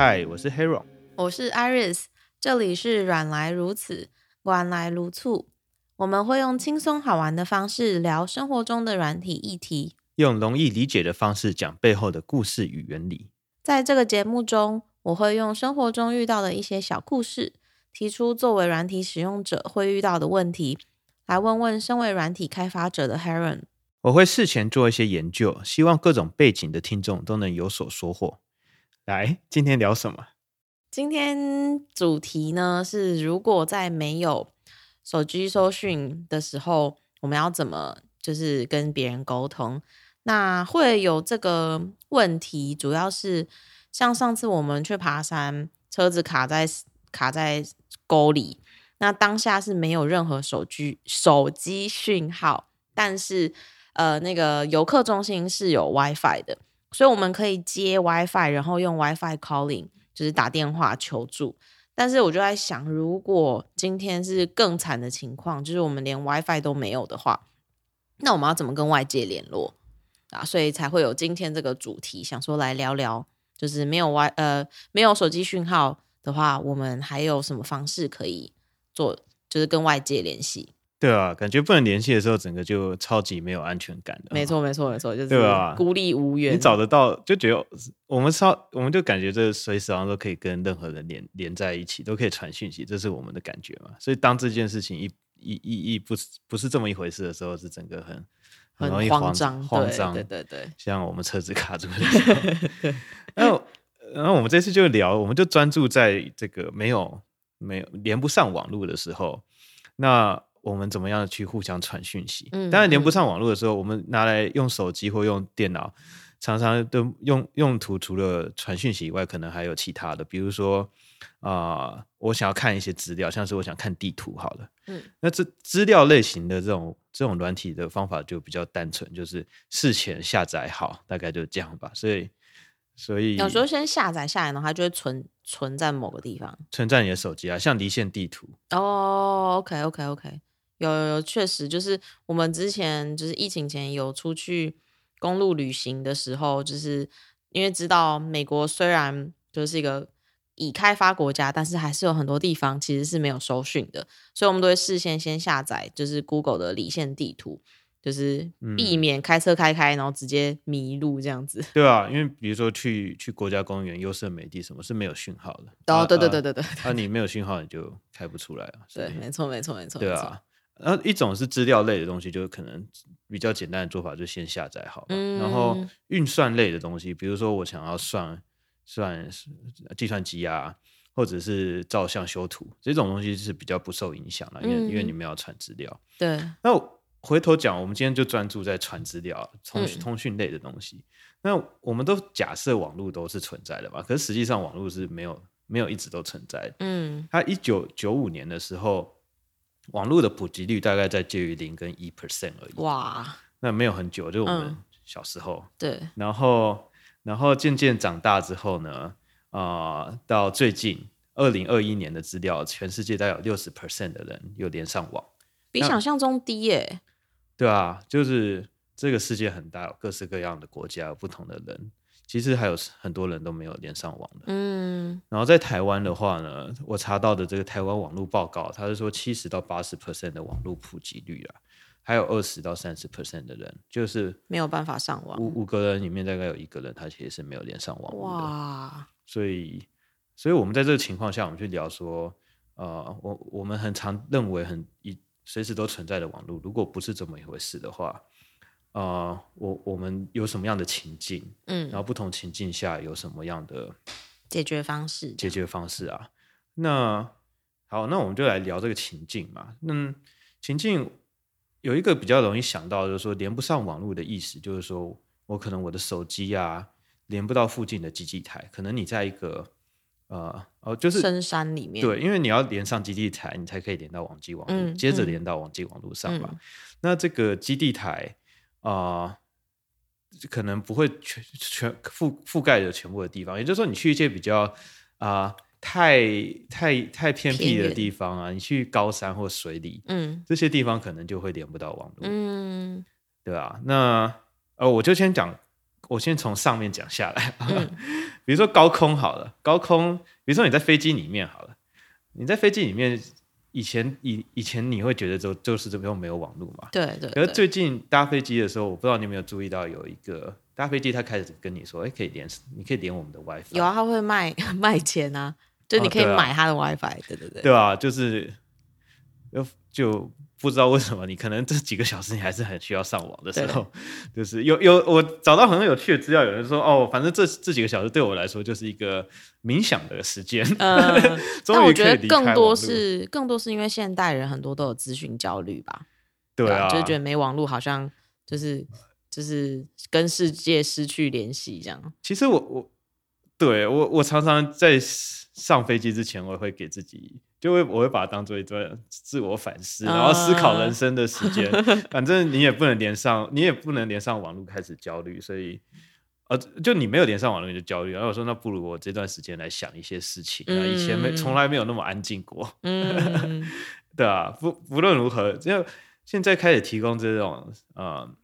嗨，Hi, 我是 Haron，我是 Iris，這裡是軟來如此，軟來如醋。我們會用輕鬆好玩的方式聊生活中的軟體議題，用容易理解的方式講背後的故事與原理。在這個節目中，我會用生活中遇到的一些小故事，提出作為軟體使用者會遇到的問題，來問問身為軟體開發者的 Haron。我會事前做一些研究，希望各種背景的聽眾都能有所收穫。來，今天聊什麼？今天主題呢是，如果在沒有手機收訊的時候，我們要怎麼就是跟別人溝通？那會有這個問題，主要是像上次我們去爬山，車子卡在卡在溝裡，那當下是沒有任何手機手機訊號，但是呃，那個遊客中心是有 WiFi 的。所以我們可以接 WiFi，然後用 WiFi calling，就是打電話求助。但是我就在想，如果今天是更慘的情況，就是我們連 WiFi 都沒有的話，那我們要怎麼跟外界聯絡啊？所以才會有今天這個主題，想說來聊聊，就是沒有 Wi，呃，沒有手機訊號的話，我們還有什麼方式可以做，就是跟外界聯繫？對啊，感覺不能聯繫的時候，整個就超級沒有安全感的。沒錯，沒錯，沒錯，就是對啊，孤立無援。你找得到就覺得我們超，我們就感覺這隨時好像都可以跟任何人連連在一起，都可以傳訊息，這是我們的感覺嘛。所以當這件事情一一一一不是不是這麼一回事的時候，是整個很很容易慌張，慌張，對對對對。對對像我們車子卡住的時候，然後 然後我們這次就聊，我們就專注在這個沒有沒有連不上網路的時候，那。我們怎麼樣去互相傳訊息？當然連不上網路的時候，我們拿來用手機或用電腦，嗯嗯常常都用用途，除了傳訊息以外，可能還有其他的。比如說啊、呃，我想要看一些資料，像是我想看地圖，好了。嗯，那這資料類型的這種這種軟體的方法就比較單純，就是事前下載好，大概就這樣吧。所以，所以有時候先下載下來的話，就會存存在某個地方，存在你的手機啊，像離線地圖。哦，OK，OK，OK。有有有，確實就是我們之前就是疫情前有出去公路旅行的時候，就是因為知道美國雖然就是一個已開發國家，但是還是有很多地方其實是沒有收訊的，所以我們都會事先先下載就是 Google 的離線地圖，就是避免開車開開、嗯、然後直接迷路這樣子。對啊，因為比如說去去國家公園、優勝美地什麼是沒有訊號的。哦、oh, 啊，對對對對對、啊。那你沒有訊號，你就開不出來了。對，沒錯沒錯沒錯。對啊。一種是資料類的東西，就可能比較簡單的做法，就先下載好。嗯、然後運算類的東西，比如說我想要算算計算機啊，或者是照相修圖這種東西是比較不受影響的，因為、嗯嗯、因為你沒有傳資料。對。那回頭講，我們今天就專注在傳資料，通訊通訊類的東西。嗯、那我們都假設網絡都是存在的嘛，可是實際上網絡是沒有沒有一直都存在的。嗯。它一九九五年的時候。網絡的普及率大概在介於零跟一 percent 而已。哇，那沒有很久，就我們小時候。嗯、對。然後，然後漸漸長大之後呢，啊、呃，到最近二零二一年的資料，全世界大概有六十 percent 的人有連上網。比想象中低誒、欸。對啊，就是這個世界很大，有各式各樣的國家，有不同的人。其實還有很多人都沒有連上網的，嗯，然後在台灣的話呢，我查到的這個台灣網絡報告，它是說七十到八十 percent 的網絡普及率啊，還有二十到三十 percent 的人就是沒有辦法上網，五五個人裡面大概有一個人他其實是沒有連上網的，哇，所以，所以我們在這個情況下，我們去聊說，啊、呃，我我們很常認為很一隨時都存在的網絡，如果不是這麼一回事的話。啊、呃，我我們有什麼樣的情境？嗯，然後不同情境下有什麼樣的解決方式？解決方式啊，那好，那我們就來聊這個情境嘛。嗯，情境有一個比較容易想到，就是說連不上網絡的意思，就是說我可能我的手機啊連不到附近的基地台，可能你在一個呃哦就是深山裡面，對，因為你要連上基地台，你才可以連到網際網絡，嗯、接着連到網際網絡上吧。嗯、那這個基地台。啊、呃，可能不會全全覆覆蓋的全部的地方，也就是說，你去一些比較啊、呃、太太太偏僻的地方啊，偏遠，你去高山或水裡，嗯，這些地方可能就會連不到網絡，嗯，對啊，那、呃、我就先講，我先從上面講下來，呵呵嗯、比如說高空好了，高空，比如說你在飛機裡面好了，你在飛機裡面。以前以以前你會覺得就周時鐘用沒有網絡嘛？對，對對。可是最近搭飛機的時候，我不知道你有沒有注意到，有一個搭飛機他開始跟你說：“哎、欸，可以連，你可以連我們的 WiFi。Fi ”有啊，他會賣賣錢啊，嗯、就你可以買他的 WiFi，、哦對，啊、對對對，對啊，就是。就就不知道為什麼，你可能這幾個小時你還是很需要上網的時候對，就是有有我找到很多有趣的資料，有人說哦，反正這這幾個小時對我來說就是一個冥想的時間。呃、 但我覺得更多是更多是因為現代人很多都有資訊焦慮吧，對啊，對啊，就是覺得沒網絡好像就是就是跟世界失去聯繫這樣。其實我我對我我常常在上飛機之前我會給自己。就會，我會把它當做一段自我反思，然後思考人生的時間。Uh, 反正你也不能連上，你也不能連上網絡開始焦慮。所以，呃，就你沒有連上網絡你就焦慮。然後我說，那不如我這段時間來想一些事情。啊、嗯，以前沒從來沒有那麼安靜過。嗯， 對啊，不不論如何，只要現在開始提供這種呃、嗯、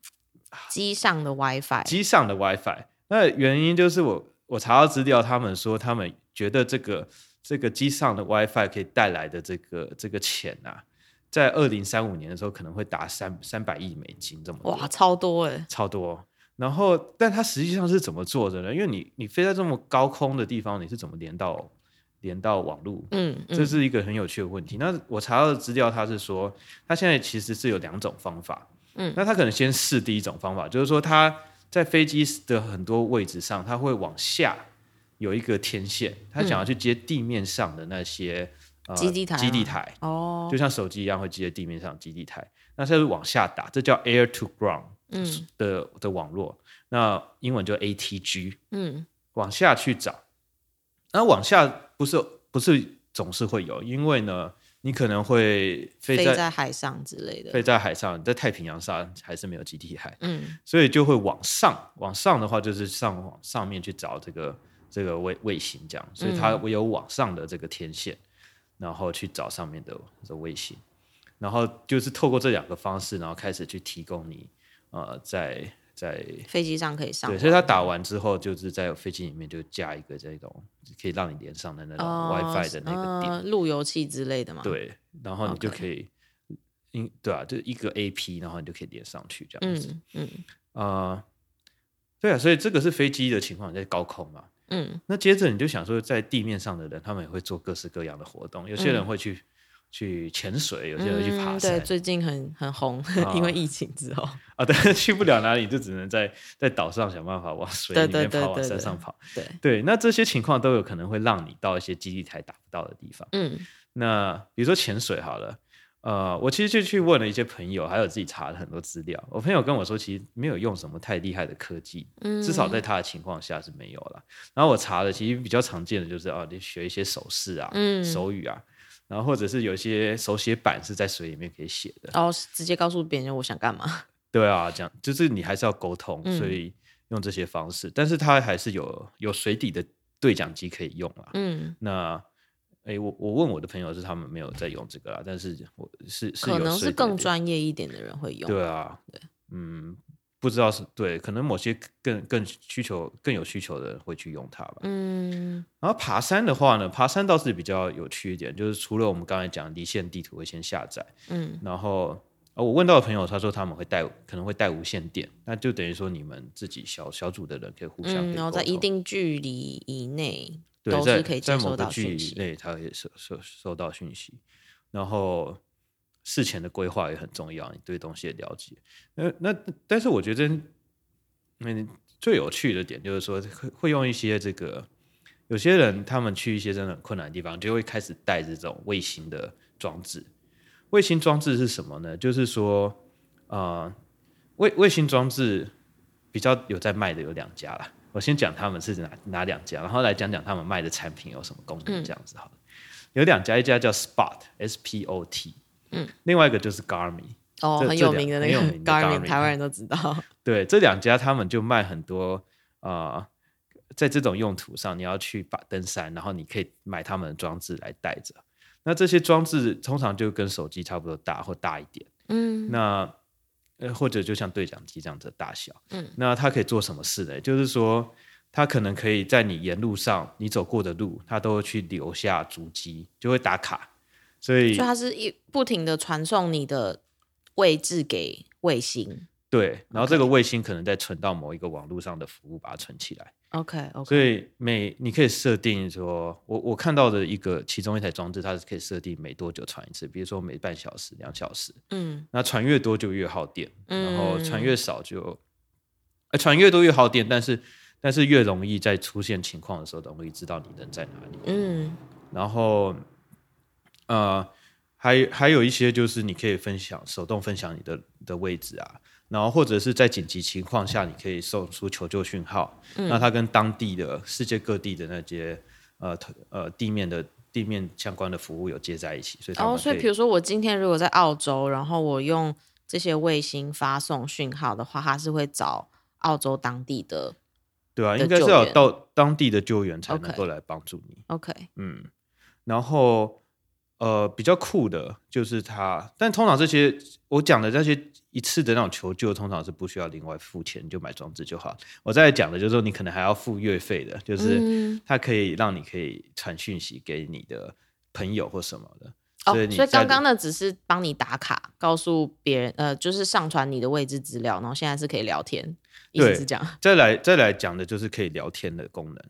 機上的 WiFi，機上的 WiFi。Fi, 那原因就是我我查到資料，他們說他們覺得這個。這個機上的 WiFi 可以帶來的這個這個錢啊，在二零三五年的時候可能會達三三百億美金這麼多。哇，超多哎！超多。然後，但它實際上是怎麼做的呢？因為你你飛在這麼高空的地方，你是怎麼連到連到網路？嗯，這是一個很有趣的問題。嗯，那我查到的資料，它是說，它現在其實是有兩種方法。嗯，那他可能先試第一種方法，就是說他在飛機的很多位置上，它會往下。有一個天線，他想要去接地面上的那些基地台，基地台哦，就像手機一樣會接地面上基地台。那這是往下打，這叫 air to ground 的、嗯、的網絡，那英文就 ATG。嗯，往下去找，那往下不是不是總是會有，因為呢，你可能會飛在，飛在海上之類的，飛在海上，在太平洋上還是沒有基地台，嗯，所以就會往上，往上的話就是上往上面去找這個。這個衛衛星這樣，所以它會有往上的這個天線，嗯、然後去找上面的這衛星，然後就是透過這兩個方式，然後開始去提供你，呃，在在飛機上可以上，對，所以它打完之後，就是在飛機裡面就架一個這種可以讓你連上的那種 WiFi 的那個點、呃，路由器之類的嘛，對，然後你就可以，因 Okay. 對啊，就一個 AP，然後你就可以連上去這樣子，嗯啊、嗯呃，對啊，所以這個是飛機的情況，在高空嘛。嗯，那接着你就想說，在地面上的人，他們也會做各式各樣的活動。有些人會去、嗯、去潛水，有些人會去爬山。嗯、對，最近很很紅，啊、因為疫情之後啊，但是去不了哪裡，就只能在在島上想辦法往水裡面跑，往山上跑。對對,對,對,對,對,對，那這些情況都有可能會讓你到一些基地台打不到的地方。嗯，那比如說潛水好了。呃，我其實就去問了一些朋友，還有自己查了很多資料。我朋友跟我說，其實沒有用什麼太厲害的科技，嗯、至少在他的情況下是沒有了。然後我查的其實比較常見的就是啊，你學一些手勢啊、嗯、手語啊，然後或者是有一些手寫板是在水裡面可以寫的，然後、哦、直接告訴別人我想幹嘛。對啊，這樣就是你還是要溝通，所以用這些方式，嗯、但是他還是有有水底的對講機可以用啊。嗯，那。哎、欸，我我問我的朋友是他們沒有在用這個啊，但是我是是可能是更專業一點的人會用，對啊，對，嗯，不知道是，對，可能某些更更需求、更有需求的人會去用它吧。嗯，然後爬山的話呢，爬山倒是比較有趣一點，就是除了我們剛才講離線地圖會先下載，嗯，然後我問到的朋友他說他們會帶，可能會帶無線電，那就等於說你們自己小小組的人可以互相以、嗯，然後在一定距離以內。對，在都在某個距離內，它可以收收收到訊息，然後事前的規劃也很重要，你對東西的了解。那那但是我覺得，那最有趣的點就是說，會會用一些這個，有些人他們去一些真的很困難的地方，就會開始帶這種衛星的裝置。衛星裝置是什麼呢？就是說，啊、呃，衛衛星裝置比較有在賣的有兩家啦。我先講他們是哪哪兩家，然後來講講他們賣的產品有什麼功能，嗯、這樣子好了。有兩家，一家叫 Spot，S P O T，、嗯、另外一個就是 Garmin 哦，這很有名的那個的 Garmin 台灣人都知道。對，這兩家他們就賣很多啊、呃，在這種用途上，你要去把登山，然後你可以買他們的裝置來帶着。那這些裝置通常就跟手機差不多大或大一點，嗯，那。呃，或者就像對講機這樣子的大小，嗯，那它可以做什麼事呢？就是說，它可能可以在你沿路上你走過的路，它都會去留下足跡，就會打卡。所以，所以它是一不停的傳送你的位置給衛星，對，然後這個衛星可能再存到某一個網絡上的服務，把它存起來。OK，OK。Okay, okay. 所以每你可以設定說我，我我看到的一個其中一台裝置，它是可以設定每多久傳一次，比如說每半小時、兩小時。嗯。那傳越多就越耗電，然後傳越少就，傳、嗯呃、傳越多越耗電，但是但是越容易在出現情況的時候，等於知道你人在哪裡。嗯。然後，呃，還還有一些就是你可以分享手動分享你的的位置啊。然後或者是在緊急情況下，你可以送出求救訊號。嗯，那它跟當地的世界各地的那些呃呃地面的地面相關的服務有接在一起，所以他們可以，哦，所以比如說我今天如果在澳洲，然後我用這些衛星發送訊號的話，它是會找澳洲當地的對啊，應該是要到當地的救援才能夠來幫助你。OK, okay. 嗯，然後呃，比較酷的就是它，但通常這些我講的這些。一次的那種求救通常是不需要另外付錢，就買裝置就好。我再講的就是說，你可能還要付月費的，嗯、就是它可以讓你可以傳訊息給你的朋友或什麼的。哦、所以，所以剛剛呢只是幫你打卡，告訴別人呃，就是上傳你的位置資料，然後現在是可以聊天。一直講，再來再來講的就是可以聊天的功能。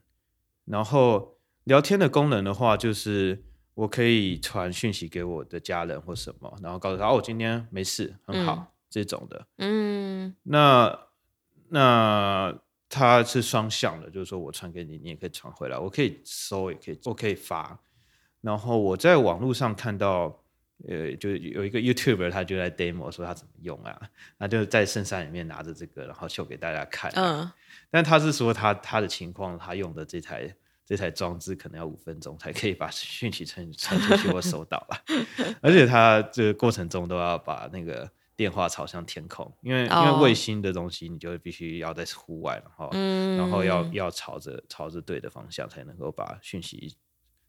然後聊天的功能的話，就是我可以傳訊息給我的家人或什麼，然後告訴他哦，我今天沒事，很好，嗯。這種的，嗯，那那它是雙向的，就是說我傳給你，你也可以傳回來，我可以收，也可以我可以發。然後我在網絡上看到，呃，就有一個 YouTuber 他就在 demo 說他怎麼用啊，他就在聖山裡面拿着這個，然後秀給大家看。嗯，但他是說他他的情況，他用的這台這台裝置可能要五分鐘才可以把訊息傳傳出去或收到啦， 而且他這個過程中都要把那個。電話朝向天空，因為、哦、因為衛星的東西，你就必須要在戶外，然後、嗯、然後要要朝着朝着對的方向才能夠把訊息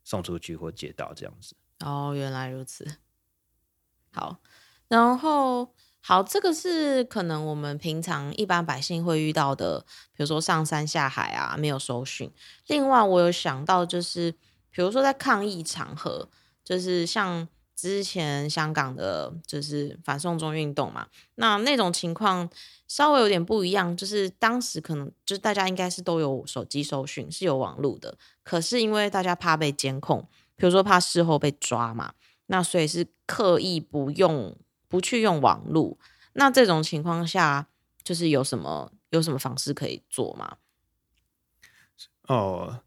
送出去或接到這樣子。哦，原來如此。好，然後好，這個是可能我們平常一般百姓會遇到的，比如說上山下海啊，沒有收訊。另外，我有想到就是，比如說在抗議場合，就是像。之前香港的就是反送中運動嘛，那那種情況稍微有點不一樣，就是當時可能就是大家應該是都有手機搜尋，是有網路的，可是因為大家怕被監控，比如說怕事後被抓嘛，那所以是刻意不用不去用網路。那這種情況下，就是有什麼有什麼方式可以做嗎？哦，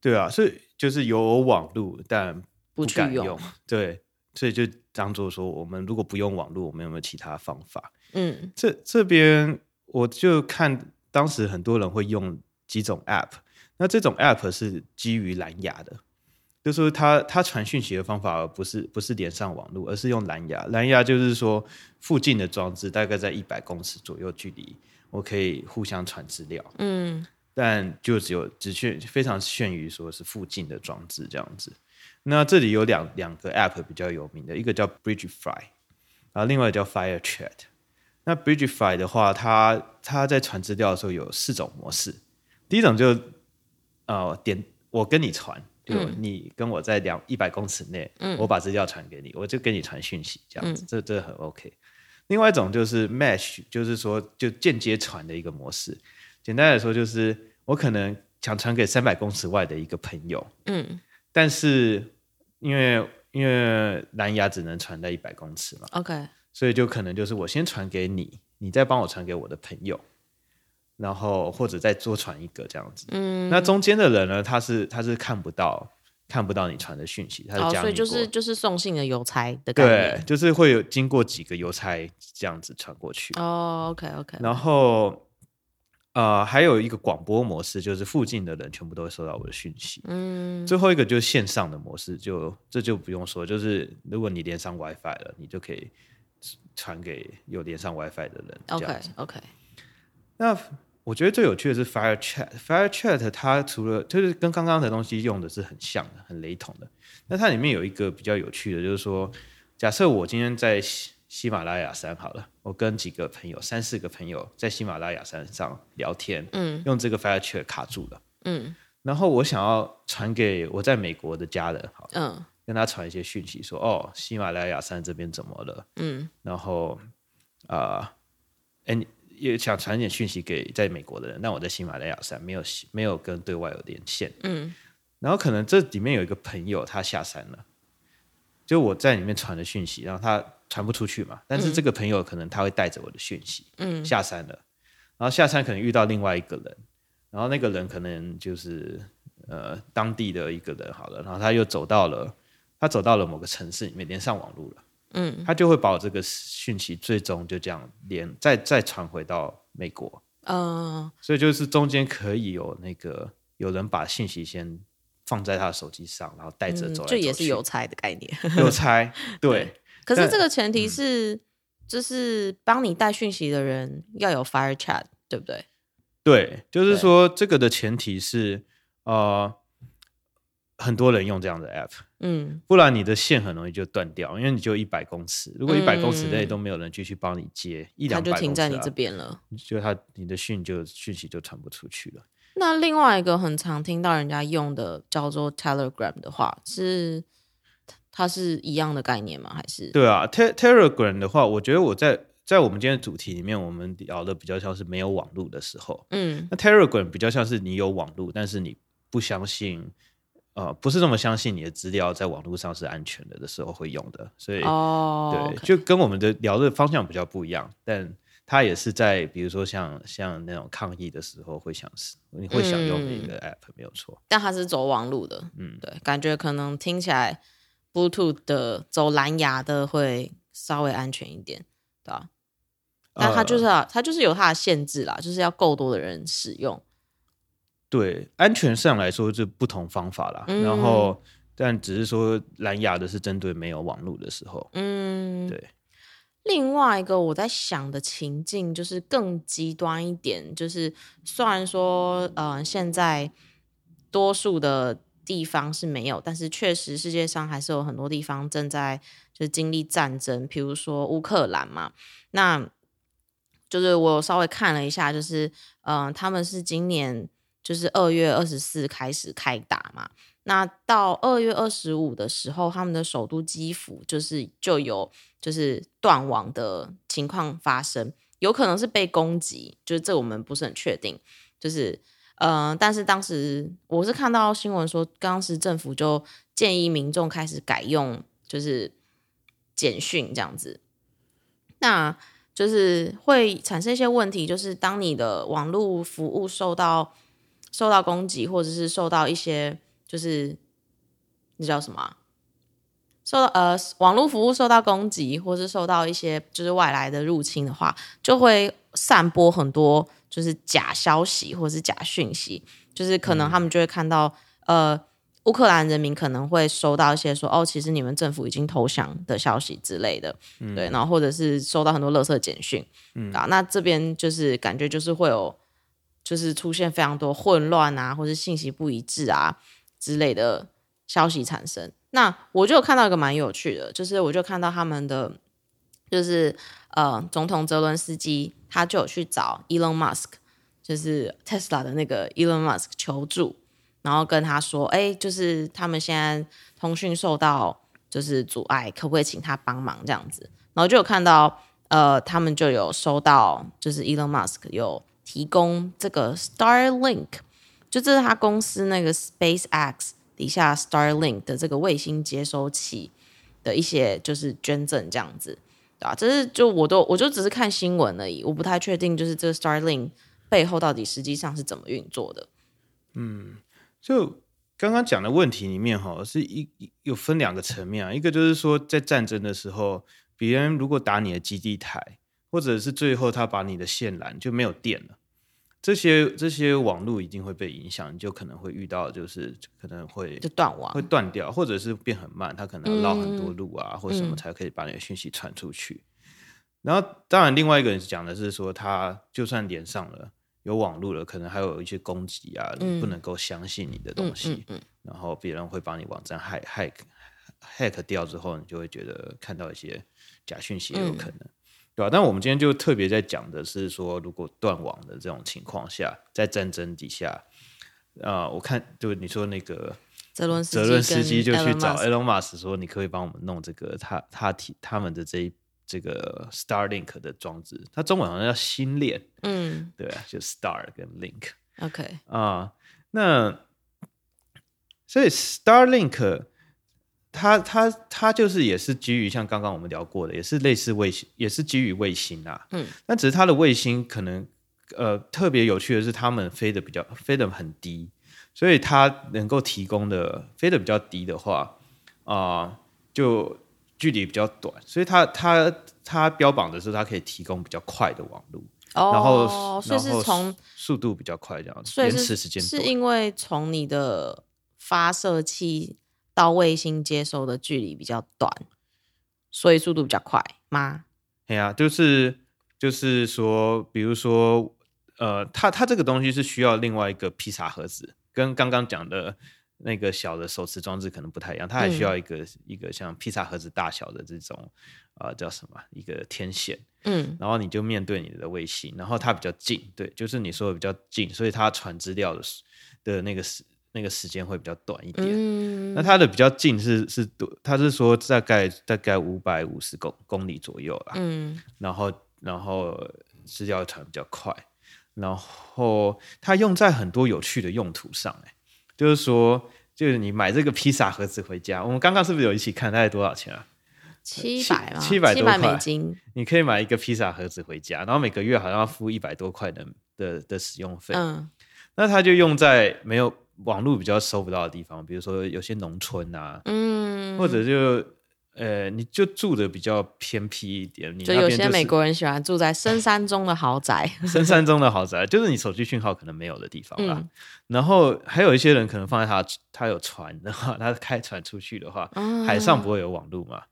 對啊，所以就是有網路但不敢用，不去用，對。所以就當做說，我們如果不用網絡，我們有沒有其他方法？嗯，這這邊我就看，當時很多人會用幾種 App。那這種 App 是基於藍牙的，就是說它它傳訊息的方法而不是不是連上網絡，而是用藍牙。藍牙就是說，附近的裝置大概在一百公尺左右距離，我可以互相傳資料。嗯，但就只有只限非常限於說是附近的裝置這樣子。那這裡有兩兩個 App 比較有名的，一個叫 Bridgefy，然後另外叫 FireChat。那 Bridgefy 的話，它它在傳資料的時候有四種模式。第一種就呃點我跟你傳，就你跟我在兩一百公尺內，嗯、我把資料傳給你，我就跟你傳訊息這樣子，嗯、這這很 OK。另外一種就是 Mesh，就是說就間接傳的一個模式。簡單來說就是我可能想傳給三百公尺外的一個朋友，嗯。但是因為因為藍牙只能傳到一百公尺嘛，OK，所以就可能就是我先傳給你，你再幫我傳給我的朋友，然後或者再多傳一個這樣子。嗯，那中間的人呢，他是他是看不到看不到你傳的訊息，他是哦，所以就是就是送信的郵差的對，就是會有經過幾個郵差這樣子傳過去。哦，OK OK，然後。啊、呃，還有一個廣播模式，就是附近的人全部都會收到我的訊息。嗯，最後一個就是線上的模式，就這就不用說，就是如果你連上 WiFi 了，你就可以傳給有連上 WiFi 的人這樣。OK OK。那我覺得最有趣的是 Fire Chat，Fire Chat 它除了就是跟剛剛的東西用的是很像的，很雷同的。那它裡面有一個比較有趣的，就是說，假設我今天在。喜馬拉雅山好了，我跟幾個朋友，三四個朋友在喜馬拉雅山上聊天，嗯，用這個 FireChat 卡住了，嗯，然後我想要傳給我在美國的家人好，好、哦，跟他傳一些訊息說，說哦，喜馬拉雅山這邊怎麼了，嗯，然後啊，哎、呃，也想傳一點訊息給在美國的人，但我在喜馬拉雅山沒有沒有跟對外有連線，嗯，然後可能這裡面有一個朋友他下山了，就我在裡面傳的訊息，然後他。傳不出去嘛？但是這個朋友可能他會帶着我的訊息，嗯，下山了，然後下山可能遇到另外一個人，然後那個人可能就是呃當地的一個人，好了，然後他又走到了，他走到了某個城市裡面，連上網路了，嗯，他就會把我這個訊息最終就這樣連再再傳回到美國，嗯、呃，所以就是中間可以有那個有人把信息先放在他的手機上，然後帶着走來走，這、嗯、也是郵差的概念， 郵差，對。對可是這個前提是，嗯、就是幫你帶訊息的人要有 Fire Chat，對不對？對，就是說這個的前提是，對呃，很多人用這樣的 App，嗯，不然你的線很容易就斷掉，因為你就一百公尺，如果一百公尺內都沒有人繼續幫你接，嗯、一兩百公、啊、他就停在你這邊了，就他你的訊就訊息就傳不出去了。那另外一個很常聽到人家用的叫做 Telegram 的話是。它是一樣的概念嗎？還是？對啊，Telegram 的話，我覺得我在在我們今天的主題裡面，我們聊的比較像是沒有網絡的時候，嗯，那 Telegram 比較像是你有網絡，但是你不相信，呃，不是那麼相信你的資料在網絡上是安全的的時候會用的，所以哦，oh, 對，okay. 就跟我們的聊的方向比較不一樣，但它也是在比如說像像那種抗議的時候會想，你會想用那個 App、嗯、沒有錯，但它是走網路的，嗯，對，感覺可能聽起來。Bluetooth 的走藍牙的會稍微安全一點，對吧？但它就是、啊 uh, 它就是有它的限制啦，就是要夠多的人使用。對，安全上來說就不同方法啦。嗯、然後，但只是說藍牙的是針對沒有網路的時候。嗯，對。另外一個我在想的情境就是更極端一點，就是雖然說，嗯、呃，現在多數的。地方是沒有，但是確實世界上還是有很多地方正在就是經歷戰爭，比如說烏克蘭嘛。那就是我稍微看了一下，就是嗯、呃，他們是今年就是二月二十四開始開打嘛。那到二月二十五的時候，他們的首都基輔就是就有就是斷網的情況發生，有可能是被攻擊，就是這我們不是很確定，就是。嗯、呃，但是當時我是看到新聞說，當時政府就建議民眾開始改用就是簡訊這樣子，那就是會產生一些問題，就是當你的網絡服務受到受到攻擊，或者是受到一些就是那叫什麼、啊？受到呃網絡服務受到攻擊，或是受到一些就是外來的入侵的話，就會散播很多就是假消息或是假訊息，就是可能他們就會看到、嗯、呃烏克蘭人民可能會收到一些說哦其實你們政府已經投降的消息之類的，嗯、對，然後或者是收到很多垃圾簡訊，嗯、啊，那這邊就是感覺就是會有就是出現非常多混亂啊，或是信息不一致啊之類的消息產生。那我就看到一個蠻有趣的，就是我就看到他們的，就是呃，總統澤倫斯基他就有去找 Elon Musk，就是 Tesla 的那個 Elon Musk 求助，然後跟他說，哎、欸，就是他們現在通訊受到就是阻礙，可不可以請他幫忙這樣子？然後就有看到，呃，他們就有收到，就是 Elon Musk 有提供這個 Starlink，就這是他公司那個 SpaceX。底下 Starlink 的這個衛星接收器的一些就是捐贈這樣子，對啊，這是就我都我就只是看新聞而已，我不太確定就是這個 Starlink 背後到底實際上是怎麼運作的。嗯，就剛剛講的問題裡面哈，是一有分兩個層面啊， 一個就是說在戰爭的時候，別人如果打你的基地台，或者是最後他把你的線纜就沒有電了。這些這些網絡一定會被影響，你就可能會遇到，就是可能會斷會斷掉，或者是變很慢。它可能要繞很多路啊，嗯、或什麼才可以把你的訊息傳出去。嗯、然後，當然，另外一個人講的是說，他就算連上了，有網絡了，可能還有一些攻擊啊，嗯、你不能夠相信你的東西。嗯嗯嗯、然後別人會把你網站 hack, hack hack 掉之後，你就會覺得看到一些假訊息，也有可能。嗯對吧、啊？但我們今天就特別在講的是說，如果斷網的這種情況下，在戰爭底下，呃，我看就你說那個澤倫澤倫斯基就去找 Musk Elon Musk 說，你可以幫我們弄這個他他提他們的這一這個 Starlink 的裝置，他中文好像叫星鏈，嗯，對啊，就 Star 跟 Link，OK Okay 啊、呃，那所以 Starlink。它它它就是也是基於像剛剛我們聊過的，也是類似衛星，也是基於衛星啊。嗯。那只是它的衛星可能呃特別有趣的是，它們飛得比較飛得很低，所以它能夠提供的飛得比較低的話啊、呃，就距離比較短，所以它它它標榜的是它可以提供比較快的網路，哦、然後然後速度比較快這樣子，所以延遲時間是因為從你的發射器。到衛星接收的距離比較短，所以速度比較快嗎？對啊，就是就是說，比如說，呃，它它這個東西是需要另外一個披薩盒子，跟剛剛講的那個小的手持裝置可能不太一樣，它還需要一個、嗯、一個像披薩盒子大小的這種、呃、叫什麼一個天線，嗯，然後你就面對你的衛星，然後它比較近，對，就是你說的比較近，所以它傳資料的時的那個是。那個時間會比較短一點，嗯、那它的比較近是是多，它是說大概大概五百五十公公里左右啦。嗯然，然後然後這教船，比較快，然後它用在很多有趣的用途上。欸，就是說就是你買這個披薩盒子回家，我們剛剛是不是有一起看大概多少錢啊？七百啊。七百多塊美金。你可以買一個披薩盒子回家，然後每個月好像要付一百多塊的的的使用費。嗯，那它就用在沒有。網絡比較收不到的地方，比如說有些農村啊，嗯，或者就呃、欸，你就住的比較偏僻一點，你那邊、就是、有些美國人喜歡住在深山中的豪宅， 深山中的豪宅就是你手機訊號可能沒有的地方啦。嗯、然後還有一些人可能放在他他有船的話，他開船出去的話，嗯、海上不會有網絡嘛。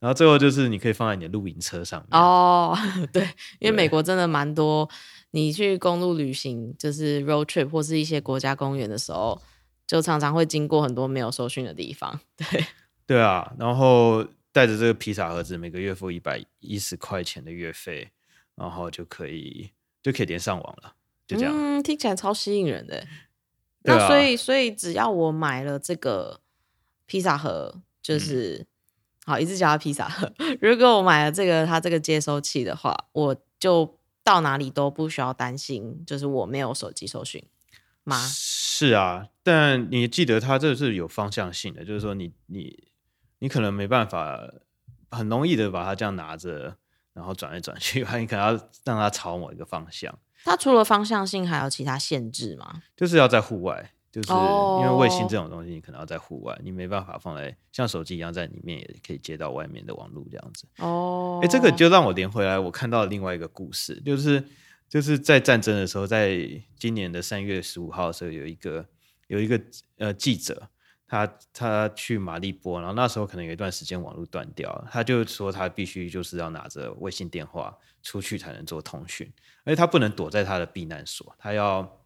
然後最後就是你可以放在你的露營車上面哦，對，因為美國真的蠻多。你去公路旅行，就是 road trip 或是一些國家公園的時候，就常常會經過很多沒有收訊的地方。對，對啊。然後帶着這個披薩盒子，每個月付一百一十塊錢的月費，然後就可以就可以連上網了。就這樣。嗯，聽起來超吸引人的。對啊。那所以，所以只要我買了這個披薩盒，就是，嗯，好，一直叫他披薩盒。 如果我買了這個，他這個接收器的話，我就。到哪裡都不需要擔心，就是我沒有手機收訊嗎？是啊，但你記得它這是有方向性的，嗯、就是說你你你可能沒辦法很容易的把它這樣拿着，然後轉來轉去，還有，你可能要讓它朝某一個方向。它除了方向性還有其他限制嗎？就是要在戶外。就是因為衛星這種東西，你可能要在戶外，oh. 你沒辦法放在像手機一樣在裡面也可以接到外面的網絡這樣子。哦，哎，這個就讓我連回來，我看到了另外一個故事，就是就是在戰爭的時候，在今年的三月十五號的時候有，有一個有一個呃記者，他他去馬利波，然後那時候可能有一段時間網絡斷掉了，他就說他必須就是要拿着衛星電話出去才能做通訊，而且他不能躲在他的避難所，他要。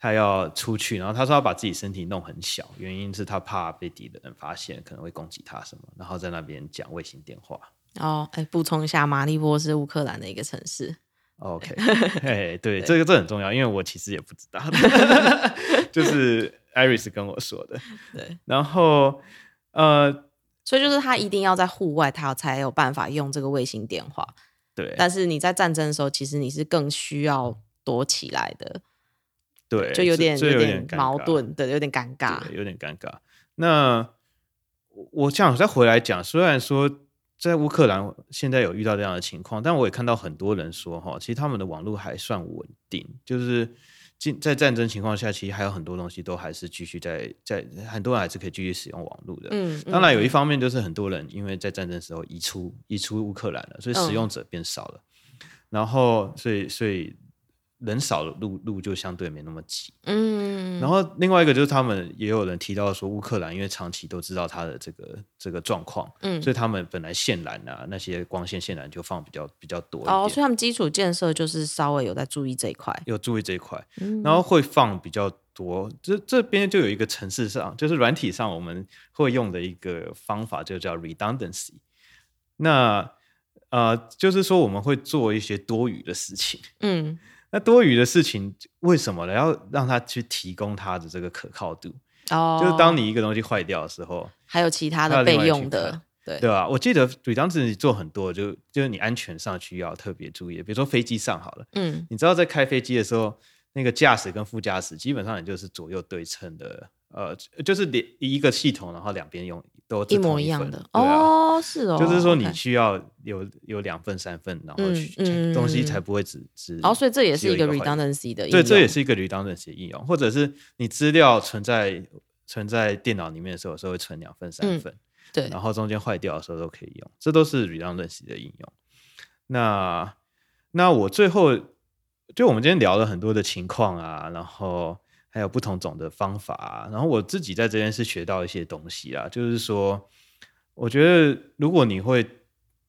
他要出去，然後他說要把自己身體弄很小，原因是他怕被敵人發現，可能會攻擊他什麼。然後在那邊講衛星電話。哦、oh, 欸，哎，補充一下，馬里波是烏克蘭的一個城市。OK，哎，對，這個這很重要，因為我其實也不知道， 就是艾瑞斯跟我說的。對，然後呃，所以就是他一定要在戶外，他才有辦法用這個衛星電話。對，但是你在戰爭的時候，其實你是更需要躲起來的。對，就有點就有點矛盾，矛盾，對，有點尷尬。對，有點尷尬。那我我想再回來講，雖然說在烏克蘭現在有遇到這樣的情況，但我也看到很多人說哈，其實他們的網絡還算穩定。就是在戰爭情況下，其實還有很多東西都還是繼續在在，很多人還是可以繼續使用網絡的。嗯，嗯。當然，有一方面就是很多人因為在戰爭時候移出移出烏克蘭了，所以使用者變少了。嗯。然後，所以所以。人少的路路就相對沒那麼擠，嗯。然後另外一個就是他們也有人提到說，烏克蘭因為長期都知道它的這個這個狀況，嗯，所以他們本來線纜啊那些光纖線、線纜就放比較比較多一點哦，所以他們基礎建設就是稍微有在注意這一塊，有注意這一塊，嗯、然後會放比較多。這這邊就有一個程式上，就是軟體上我們會用的一個方法，就叫 redundancy。那啊、呃，就是說我們會做一些多餘的事情，嗯。那多餘的事情為什麼呢？要讓他去提供他的這個可靠度。哦，oh, 就是當你一個東西壞掉的時候，還有其他的備用的，對對吧，對啊，我記得當時你做很多，就就是你安全上需要特別注意，比如說飛機上好了，嗯，你知道在開飛機的時候，那個駕駛跟副駕駛基本上也就是左右對稱的，呃，就是連一個系統，然後兩邊用。都一,一模一樣的哦，啊、是哦，就是說你需要有 OK 有兩份、三份，然後去、嗯嗯、東西才不會只、嗯、只。哦、嗯。所以這也是一個 redundancy 的應用，對，這也是一個 redundancy 的應用，或者是你資料存在存在電腦裡面的時候，時候會存兩份、三份，嗯、對，然後中間壞掉的時候都可以用，這都是 redundancy 的應用。那那我最後就我們今天聊了很多的情況啊，然後。還有不同種的方法啊，然後我自己在這邊是學到一些東西啦，就是說，我覺得如果你會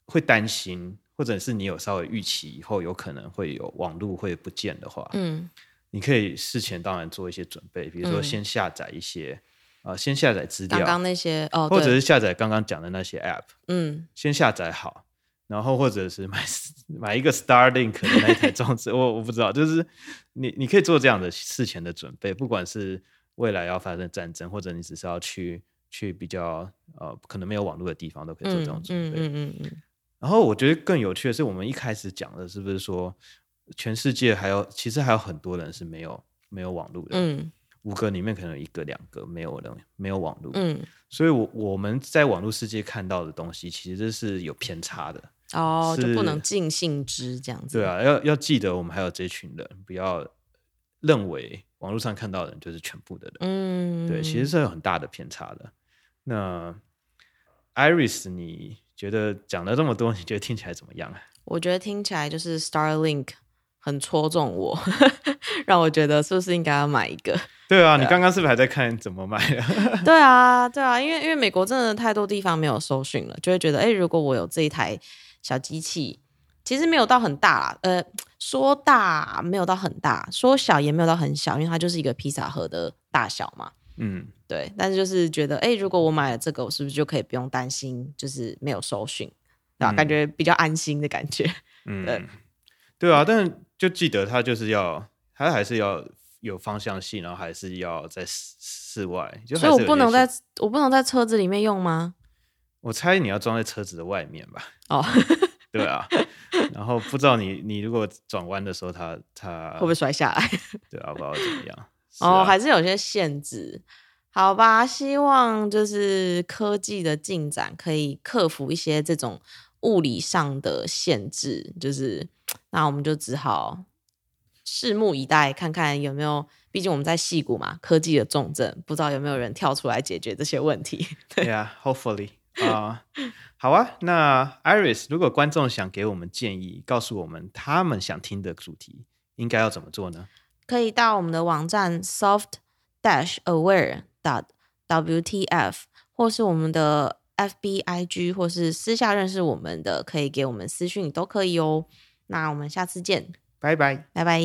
會擔心，或者是你有稍微預期以後有可能會有網路會不見的話，嗯，你可以事前當然做一些準備，比如說先下載一些，嗯，呃，先下載資料，剛剛那些，哦，或者是下載剛剛講的那些 App，嗯，先下載好。然後或者是買買一個 Starlink 的那一台裝置， 我我不知道，就是你你可以做這樣的事前的準備，不管是未來要發生戰爭，或者你只是要去去比較呃可能沒有網絡的地方，都可以做這種準備。嗯嗯嗯嗯、然後我覺得更有趣的是，我們一開始講的是不是說全世界還有其實還有很多人是沒有沒有網絡的？嗯、五個裡面可能有一個兩個沒有人，沒有網絡。嗯，所以我，我我們在網絡世界看到的東西，其實這是有偏差的。哦，oh, 是就不能盡信之這樣子。對啊，要要記得，我們還有這群人，不要認為網絡上看到的人就是全部的人。嗯，對，其實是有很大的偏差的。那 Iris，你覺得講了這麼多，你覺得聽起來怎麼樣？我覺得聽起來就是 Starlink 很戳中我， 讓我覺得是不是應該要買一個？對啊，對啊，你剛剛是不是還在看怎麼買啊？ 對啊，對啊，因為因為美國真的太多地方沒有收訊了，就會覺得，哎，欸，如果我有這一台。小機器其實沒有到很大啦，呃，說大沒有到很大，說小也沒有到很小，因為它就是一個披薩盒的大小嘛。嗯，對。但是就是覺得，哎、欸，如果我買了這個，我是不是就可以不用擔心，就是沒有收訊，嗯、感覺比較安心的感覺。嗯， 對，對啊。但就記得它就是要，它還是要有方向性，然後還是要在室外。就是所以我不能在，我不能在車子裡面用嗎？我猜你要裝在車子的外面吧？哦、嗯，對啊。然後不知道你你如果轉彎的時候，它它會不會摔下來？對啊，不知道怎麼樣。哦，是啊、還是有些限制，好吧？希望就是科技的進展可以克服一些這種物理上的限制。就是那我們就只好拭目以待，看看有沒有。畢竟我們在矽谷嘛，科技的重鎮，不知道有沒有人跳出來解決這些問題。對啊、yeah，Hopefully。啊， uh, 好啊。那 Iris，如果觀眾想給我們建議，告訴我們他們想聽的主題，應該要怎麼做呢？可以到我們的網站 soft dash aware dot WTF，或是我們的 FBIG，或是私下認識我們的，可以給我們私訊都可以哦。那我們下次見，拜拜，拜拜。